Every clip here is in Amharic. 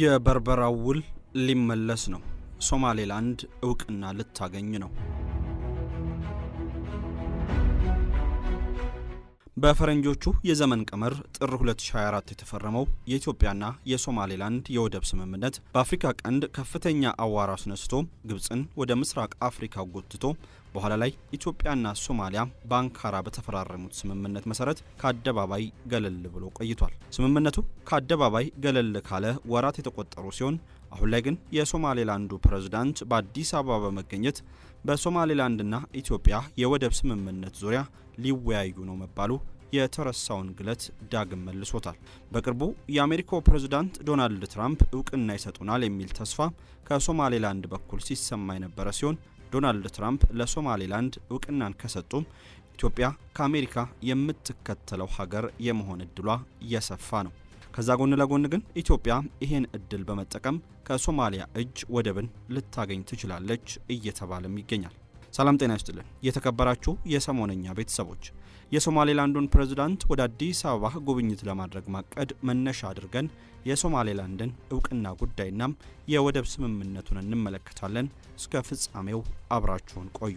የበርበራው ውል ሊመለስ ነው። ሶማሌላንድ እውቅና ልታገኝ ነው። በፈረንጆቹ የዘመን ቀመር ጥር 2024 የተፈረመው የኢትዮጵያና የሶማሌላንድ የወደብ ስምምነት በአፍሪካ ቀንድ ከፍተኛ አዋራ አስነስቶ ግብፅን ወደ ምስራቅ አፍሪካ ጎትቶ በኋላ ላይ ኢትዮጵያና ሶማሊያ በአንካራ በተፈራረሙት ስምምነት መሰረት ከአደባባይ ገለል ብሎ ቆይቷል። ስምምነቱ ከአደባባይ ገለል ካለ ወራት የተቆጠሩ ሲሆን አሁን ላይ ግን የሶማሌላንዱ ፕሬዝዳንት በአዲስ አበባ በመገኘት በሶማሌላንድና ኢትዮጵያ የወደብ ስምምነት ዙሪያ ሊወያዩ ነው መባሉ የተረሳውን ግለት ዳግም መልሶታል። በቅርቡ የአሜሪካው ፕሬዝዳንት ዶናልድ ትራምፕ እውቅና ይሰጡናል የሚል ተስፋ ከሶማሌላንድ በኩል ሲሰማ የነበረ ሲሆን ዶናልድ ትራምፕ ለሶማሌላንድ እውቅናን ከሰጡም ኢትዮጵያ ከአሜሪካ የምትከተለው ሀገር የመሆን እድሏ እየሰፋ ነው። ከዛ ጎን ለጎን ግን ኢትዮጵያ ይሄን እድል በመጠቀም ከሶማሊያ እጅ ወደብን ልታገኝ ትችላለች እየተባለም ይገኛል። ሰላም ጤና ይስጥልን የተከበራችሁ የሰሞነኛ ቤተሰቦች የሶማሌላንዱን ፕሬዝዳንት ወደ አዲስ አበባ ጉብኝት ለማድረግ ማቀድ መነሻ አድርገን የሶማሌላንድን እውቅና ጉዳይናም የወደብ ስምምነቱን እንመለከታለን። እስከ ፍጻሜው አብራችሁን ቆዩ።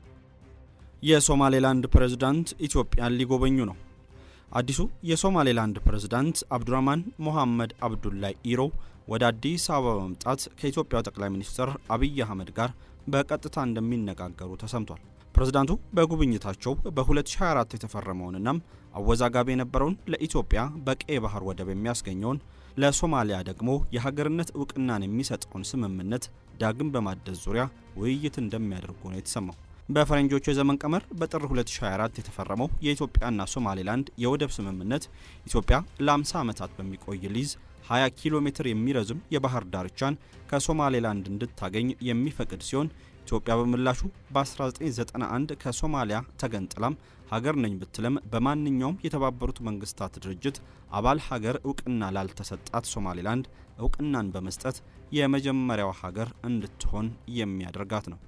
የሶማሌላንድ ፕሬዝዳንት ኢትዮጵያን ሊጎበኙ ነው። አዲሱ የሶማሌላንድ ፕሬዝዳንት አብዱራማን ሞሐመድ አብዱላይ ኢሮ ወደ አዲስ አበባ በመምጣት ከኢትዮጵያው ጠቅላይ ሚኒስትር አብይ አህመድ ጋር በቀጥታ እንደሚነጋገሩ ተሰምቷል። ፕሬዝዳንቱ በጉብኝታቸው በ2024 የተፈረመውንና አወዛጋቢ የነበረውን ለኢትዮጵያ በቀይ ባህር ወደብ የሚያስገኘውን ለሶማሊያ ደግሞ የሀገርነት እውቅናን የሚሰጠውን ስምምነት ዳግም በማደስ ዙሪያ ውይይት እንደሚያደርጉ ነው የተሰማው። በፈረንጆቹ የዘመን ቀመር በጥር 2024 የተፈረመው የኢትዮጵያና ሶማሌላንድ የወደብ ስምምነት ኢትዮጵያ ለ50 ዓመታት በሚቆይ ሊዝ 20 ኪሎ ሜትር የሚረዝም የባህር ዳርቻን ከሶማሌላንድ እንድታገኝ የሚፈቅድ ሲሆን ኢትዮጵያ በምላሹ በ1991 ከሶማሊያ ተገንጥላም ሀገር ነኝ ብትልም በማንኛውም የተባበሩት መንግስታት ድርጅት አባል ሀገር እውቅና ላልተሰጣት ሶማሌላንድ እውቅናን በመስጠት የመጀመሪያዋ ሀገር እንድትሆን የሚያደርጋት ነው።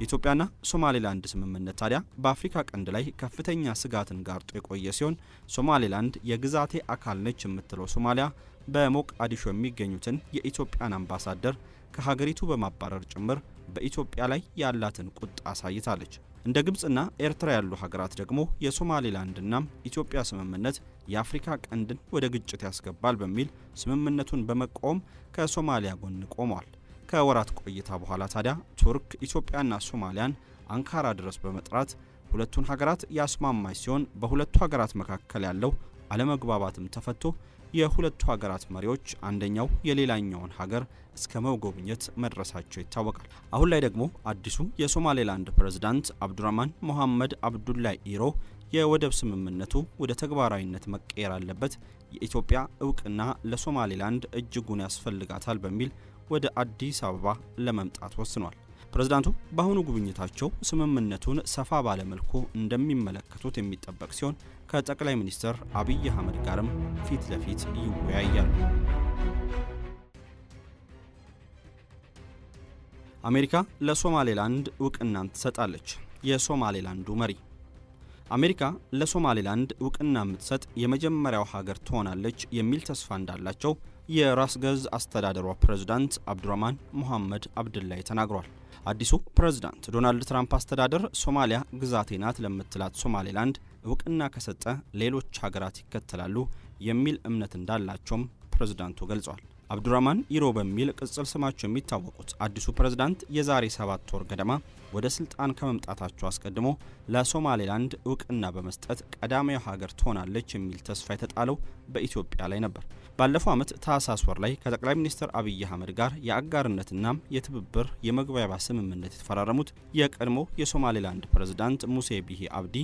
የኢትዮጵያና ሶማሌላንድ ስምምነት ታዲያ በአፍሪካ ቀንድ ላይ ከፍተኛ ስጋትን ጋርጦ የቆየ ሲሆን ሶማሌላንድ የግዛቴ አካል ነች የምትለው ሶማሊያ በሞቃዲሾ የሚገኙትን የኢትዮጵያን አምባሳደር ከሀገሪቱ በማባረር ጭምር በኢትዮጵያ ላይ ያላትን ቁጣ አሳይታለች። እንደ ግብፅና ኤርትራ ያሉ ሀገራት ደግሞ የሶማሌላንድና ኢትዮጵያ ስምምነት የአፍሪካ ቀንድን ወደ ግጭት ያስገባል በሚል ስምምነቱን በመቃወም ከሶማሊያ ጎን ቆመዋል። ከወራት ቆይታ በኋላ ታዲያ ቱርክ ኢትዮጵያና ሶማሊያን አንካራ ድረስ በመጥራት ሁለቱን ሀገራት ያስማማች ሲሆን በሁለቱ ሀገራት መካከል ያለው አለመግባባትም ተፈቶ የሁለቱ ሀገራት መሪዎች አንደኛው የሌላኛውን ሀገር እስከ መጎብኘት መድረሳቸው ይታወቃል። አሁን ላይ ደግሞ አዲሱ የሶማሌላንድ ፕሬዝዳንት አብዱራህማን ሞሐመድ አብዱላይ ኢሮ የወደብ ስምምነቱ ወደ ተግባራዊነት መቀየር አለበት፣ የኢትዮጵያ እውቅና ለሶማሌላንድ እጅጉን ያስፈልጋታል በሚል ወደ አዲስ አበባ ለመምጣት ወስኗል። ፕሬዝዳንቱ በአሁኑ ጉብኝታቸው ስምምነቱን ሰፋ ባለመልኩ እንደሚመለከቱት የሚጠበቅ ሲሆን ከጠቅላይ ሚኒስትር አብይ አህመድ ጋርም ፊት ለፊት ይወያያሉ። አሜሪካ ለሶማሌላንድ እውቅናን ትሰጣለች። የሶማሌላንዱ መሪ አሜሪካ ለሶማሌላንድ እውቅና የምትሰጥ የመጀመሪያው ሀገር ትሆናለች የሚል ተስፋ እንዳላቸው የራስ ገዝ አስተዳደሯ ፕሬዝዳንት አብዱራማን ሙሐመድ አብድላይ ተናግሯል። አዲሱ ፕሬዝዳንት ዶናልድ ትራምፕ አስተዳደር ሶማሊያ ግዛቴ ናት ለምትላት ሶማሌላንድ እውቅና ከሰጠ ሌሎች ሀገራት ይከተላሉ የሚል እምነት እንዳላቸውም ፕሬዝዳንቱ ገልጸዋል። አብዱራማን ኢሮ በሚል ቅጽል ስማቸው የሚታወቁት አዲሱ ፕሬዝዳንት የዛሬ ሰባት ወር ገደማ ወደ ስልጣን ከመምጣታቸው አስቀድሞ ለሶማሌላንድ እውቅና በመስጠት ቀዳሚው ሀገር ትሆናለች የሚል ተስፋ የተጣለው በኢትዮጵያ ላይ ነበር። ባለፈው ዓመት ታህሳስ ወር ላይ ከጠቅላይ ሚኒስትር አብይ አህመድ ጋር የአጋርነትና የትብብር የመግባቢያ ስምምነት የተፈራረሙት የቀድሞ የሶማሌላንድ ፕሬዝዳንት ሙሴ ቢሂ አብዲ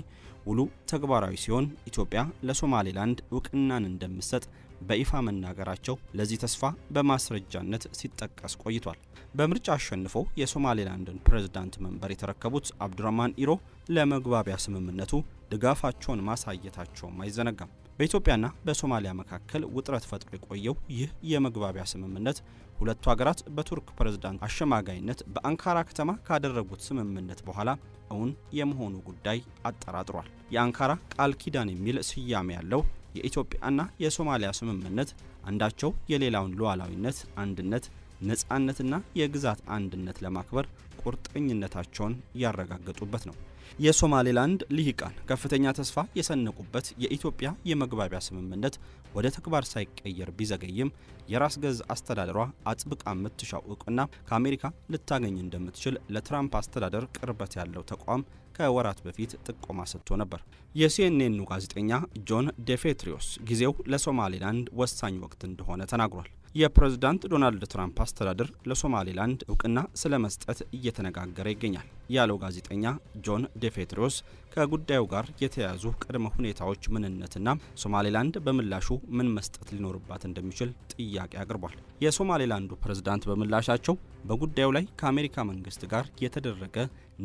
ውሉ ተግባራዊ ሲሆን ኢትዮጵያ ለሶማሌላንድ እውቅናን እንደምትሰጥ በይፋ መናገራቸው ለዚህ ተስፋ በማስረጃነት ሲጠቀስ ቆይቷል። በምርጫ አሸንፈው የሶማሌላንድን ፕሬዝዳንት መንበር የተረከቡት አብዱራማን ኢሮ ለመግባቢያ ስምምነቱ ድጋፋቸውን ማሳየታቸውም አይዘነጋም። በኢትዮጵያና በሶማሊያ መካከል ውጥረት ፈጥሮ የቆየው ይህ የመግባቢያ ስምምነት ሁለቱ ሀገራት በቱርክ ፕሬዝዳንት አሸማጋይነት በአንካራ ከተማ ካደረጉት ስምምነት በኋላ እውን የመሆኑ ጉዳይ አጠራጥሯል። የአንካራ ቃል ኪዳን የሚል ስያሜ ያለው የኢትዮጵያና የሶማሊያ ስምምነት አንዳቸው የሌላውን ሉዓላዊነት፣ አንድነት፣ ነጻነትና የግዛት አንድነት ለማክበር ቁርጠኝነታቸውን ያረጋገጡበት ነው። የሶማሌላንድ ልሂቃን ከፍተኛ ተስፋ የሰነቁበት የኢትዮጵያ የመግባቢያ ስምምነት ወደ ተግባር ሳይቀየር ቢዘገይም የራስ ገዝ አስተዳደሯ አጥብቃ የምትሻው እውቅና ከአሜሪካ ልታገኝ እንደምትችል ለትራምፕ አስተዳደር ቅርበት ያለው ተቋም ከወራት በፊት ጥቆማ ሰጥቶ ነበር። የሲኤንኤኑ ጋዜጠኛ ጆን ዴፌትሪዮስ ጊዜው ለሶማሌላንድ ወሳኝ ወቅት እንደሆነ ተናግሯል። የፕሬዝዳንት ዶናልድ ትራምፕ አስተዳደር ለሶማሌላንድ እውቅና ስለ መስጠት እየተነጋገረ ይገኛል ያለው ጋዜጠኛ ጆን ዴፌትሪዮስ ከጉዳዩ ጋር የተያያዙ ቅድመ ሁኔታዎች ምንነትና ሶማሌላንድ በምላሹ ምን መስጠት ሊኖርባት እንደሚችል ጥያቄ አቅርቧል። የሶማሌላንዱ ፕሬዝዳንት በምላሻቸው በጉዳዩ ላይ ከአሜሪካ መንግስት ጋር የተደረገ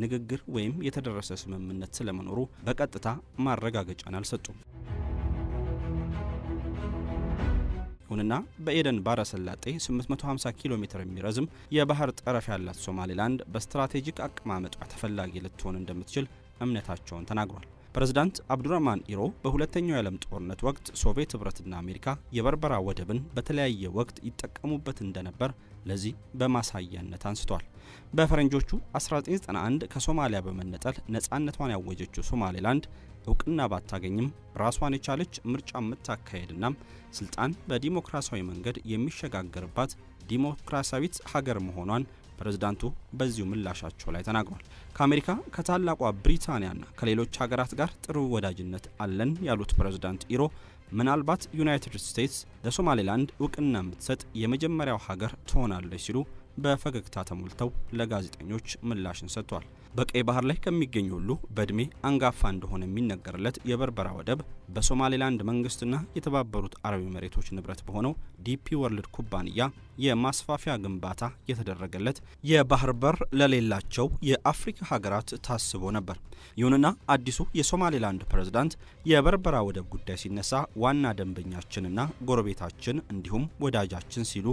ንግግር ወይም የተደረሰ ስምምነት ስለመኖሩ በቀጥታ ማረጋገጫን አልሰጡም። ይሁንና በኤደን ባረሰላጤ ሰላጤ 850 ኪሎ ሜትር የሚረዝም የባህር ጠረፍ ያላት ሶማሌላንድ በስትራቴጂክ አቀማመጧ ተፈላጊ ልትሆን እንደምትችል እምነታቸውን ተናግሯል። ፕሬዝዳንት አብዱራህማን ኢሮ በሁለተኛው የዓለም ጦርነት ወቅት ሶቪየት ህብረትና አሜሪካ የበርበራ ወደብን በተለያየ ወቅት ይጠቀሙበት እንደነበር ለዚህ በማሳያነት አንስቷል። በፈረንጆቹ 1991 ከሶማሊያ በመነጠል ነፃነቷን ያወጀችው ሶማሌላንድ እውቅና ባታገኝም ራሷን የቻለች ምርጫ የምታካሄድና ስልጣን በዲሞክራሲያዊ መንገድ የሚሸጋገርባት ዲሞክራሲያዊት ሀገር መሆኗን ፕሬዝዳንቱ በዚሁ ምላሻቸው ላይ ተናግሯል። ከአሜሪካ ከታላቋ ብሪታንያና ከሌሎች ሀገራት ጋር ጥሩ ወዳጅነት አለን ያሉት ፕሬዝዳንት ኢሮ ምናልባት ዩናይትድ ስቴትስ ለሶማሌላንድ እውቅና የምትሰጥ የመጀመሪያው ሀገር ትሆናለች ሲሉ በፈገግታ ተሞልተው ለጋዜጠኞች ምላሽን ሰጥቷል። በቀይ ባህር ላይ ከሚገኝ ሁሉ በእድሜ አንጋፋ እንደሆነ የሚነገርለት የበርበራ ወደብ በሶማሌላንድ መንግስትና የተባበሩት አረብ መሬቶች ንብረት በሆነው ዲፒ ወርልድ ኩባንያ የማስፋፊያ ግንባታ የተደረገለት የባህር በር ለሌላቸው የአፍሪካ ሀገራት ታስቦ ነበር። ይሁንና አዲሱ የሶማሌላንድ ፕሬዝዳንት የበርበራ ወደብ ጉዳይ ሲነሳ ዋና ደንበኛችንና ጎረቤታችን እንዲሁም ወዳጃችን ሲሉ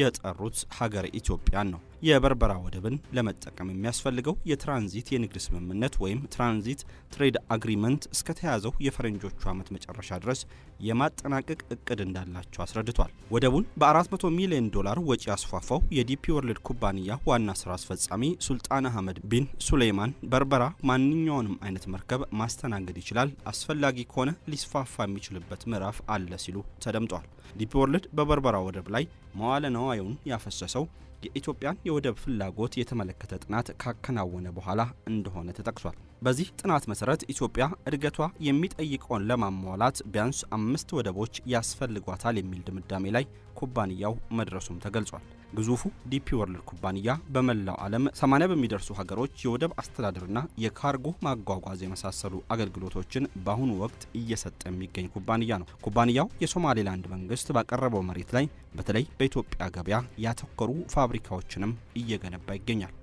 የጠሩት ሀገር ኢትዮጵያን ነው። የበርበራ ወደብን ለመጠቀም የሚያስፈልገው የትራንዚት የንግድ ስምምነት ወይም ትራንዚት ትሬድ አግሪመንት እስከተያዘው የፈረንጆቹ ዓመት መጨረሻ ድረስ የማጠናቀቅ እቅድ እንዳላቸው አስረድቷል። ወደቡን በ400 ሚሊዮን ዶላር ወጪ ያስፋፋው የዲፒ ወርልድ ኩባንያ ዋና ስራ አስፈጻሚ ሱልጣን አህመድ ቢን ሱሌይማን በርበራ ማንኛውንም አይነት መርከብ ማስተናገድ ይችላል፣ አስፈላጊ ከሆነ ሊስፋፋ የሚችልበት ምዕራፍ አለ ሲሉ ተደምጧል። ዲፒ ወርልድ በበርበራ ወደብ ላይ መዋለ ነዋዩን ያፈሰሰው የኢትዮጵያን የወደብ ፍላጎት የተመለከተ ጥናት ካከናወነ በኋላ እንደሆነ ተጠቅሷል። በዚህ ጥናት መሰረት ኢትዮጵያ እድገቷ የሚጠይቀውን ለማሟላት ቢያንስ አምስት ወደቦች ያስፈልጓታል የሚል ድምዳሜ ላይ ኩባንያው መድረሱም ተገልጿል። ግዙፉ ዲፒ ወርልድ ኩባንያ በመላው ዓለም 80 በሚደርሱ ሀገሮች የወደብ አስተዳደርና የካርጎ ማጓጓዝ የመሳሰሉ አገልግሎቶችን በአሁኑ ወቅት እየሰጠ የሚገኝ ኩባንያ ነው። ኩባንያው የሶማሌላንድ መንግስት ባቀረበው መሬት ላይ በተለይ በኢትዮጵያ ገበያ ያተኮሩ ፋብሪካዎችንም እየገነባ ይገኛል።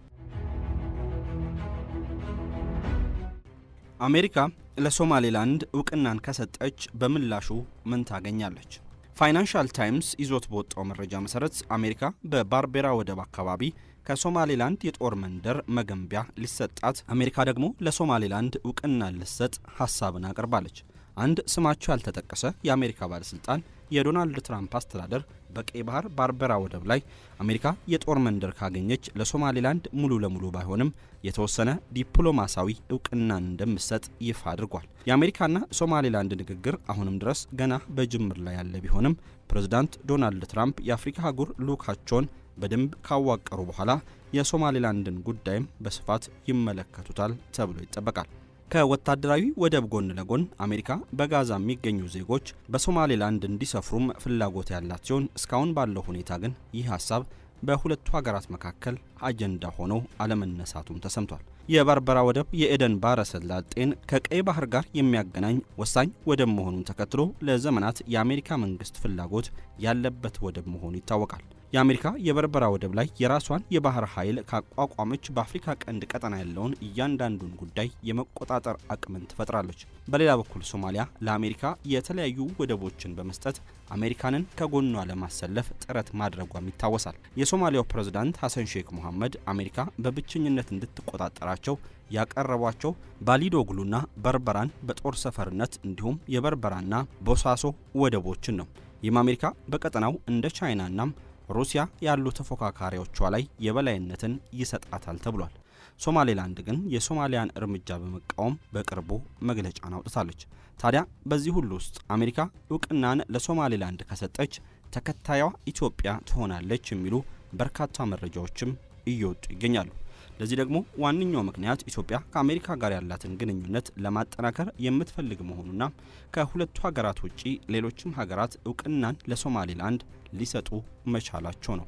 አሜሪካ ለሶማሌላንድ እውቅናን ከሰጠች በምላሹ ምን ታገኛለች? ፋይናንሻል ታይምስ ይዞት በወጣው መረጃ መሰረት አሜሪካ በባርቤራ ወደብ አካባቢ ከሶማሌላንድ የጦር መንደር መገንቢያ ሊሰጣት፣ አሜሪካ ደግሞ ለሶማሌላንድ እውቅና ልትሰጥ ሀሳብን አቅርባለች። አንድ ስማቸው ያልተጠቀሰ የአሜሪካ ባለስልጣን የዶናልድ ትራምፕ አስተዳደር በቀይ ባህር ባርበራ ወደብ ላይ አሜሪካ የጦር መንደር ካገኘች ለሶማሌላንድ ሙሉ ለሙሉ ባይሆንም የተወሰነ ዲፕሎማሳዊ እውቅናን እንደምትሰጥ ይፋ አድርጓል። የአሜሪካና ሶማሌላንድ ንግግር አሁንም ድረስ ገና በጅምር ላይ ያለ ቢሆንም ፕሬዝዳንት ዶናልድ ትራምፕ የአፍሪካ አህጉር ልዑካቸውን በደንብ ካዋቀሩ በኋላ የሶማሌላንድን ጉዳይም በስፋት ይመለከቱታል ተብሎ ይጠበቃል። ከወታደራዊ ወደብ ጎን ለጎን አሜሪካ በጋዛ የሚገኙ ዜጎች በሶማሌላንድ እንዲሰፍሩም ፍላጎት ያላት ሲሆን እስካሁን ባለው ሁኔታ ግን ይህ ሀሳብ በሁለቱ ሀገራት መካከል አጀንዳ ሆኖ አለመነሳቱም ተሰምቷል። የበርበራ ወደብ የኤደን ባህረ ሰላጤን ከቀይ ባህር ጋር የሚያገናኝ ወሳኝ ወደብ መሆኑን ተከትሎ ለዘመናት የአሜሪካ መንግስት ፍላጎት ያለበት ወደብ መሆኑ ይታወቃል። የአሜሪካ የበርበራ ወደብ ላይ የራሷን የባህር ኃይል ካቋቋመች በአፍሪካ ቀንድ ቀጠና ያለውን እያንዳንዱን ጉዳይ የመቆጣጠር አቅምን ትፈጥራለች። በሌላ በኩል ሶማሊያ ለአሜሪካ የተለያዩ ወደቦችን በመስጠት አሜሪካንን ከጎኗ ለማሰለፍ ጥረት ማድረጓም ይታወሳል። የሶማሊያው ፕሬዝዳንት ሐሰን ሼክ መሐመድ አሜሪካ በብቸኝነት እንድትቆጣጠራቸው ያቀረቧቸው ባሊዶግሉና በርበራን በጦር ሰፈርነት እንዲሁም የበርበራና ቦሳሶ ወደቦችን ነው። ይህም አሜሪካ በቀጠናው እንደ ቻይናናም ሩሲያ ያሉ ተፎካካሪዎቿ ላይ የበላይነትን ይሰጣታል ተብሏል። ሶማሌላንድ ግን የሶማሊያን እርምጃ በመቃወም በቅርቡ መግለጫን አውጥታለች። ታዲያ በዚህ ሁሉ ውስጥ አሜሪካ እውቅናን ለሶማሌላንድ ከሰጠች ተከታዩዋ ኢትዮጵያ ትሆናለች የሚሉ በርካታ መረጃዎችም እየወጡ ይገኛሉ። ለዚህ ደግሞ ዋነኛው ምክንያት ኢትዮጵያ ከአሜሪካ ጋር ያላትን ግንኙነት ለማጠናከር የምትፈልግ መሆኑና ከሁለቱ ሀገራት ውጪ ሌሎችም ሀገራት እውቅናን ለሶማሌላንድ ሊሰጡ መቻላቸው ነው።